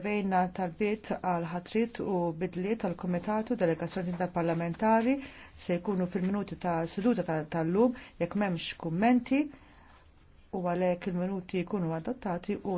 Vejna tal-bit għal ħatrit u bidliet tal-Komitatu Delegazzjoni ta' Parlamentari se jkunu fil-minuti ta' seduta tal-lum jekk memx kummenti u għalhekk il-minuti jkunu adottati u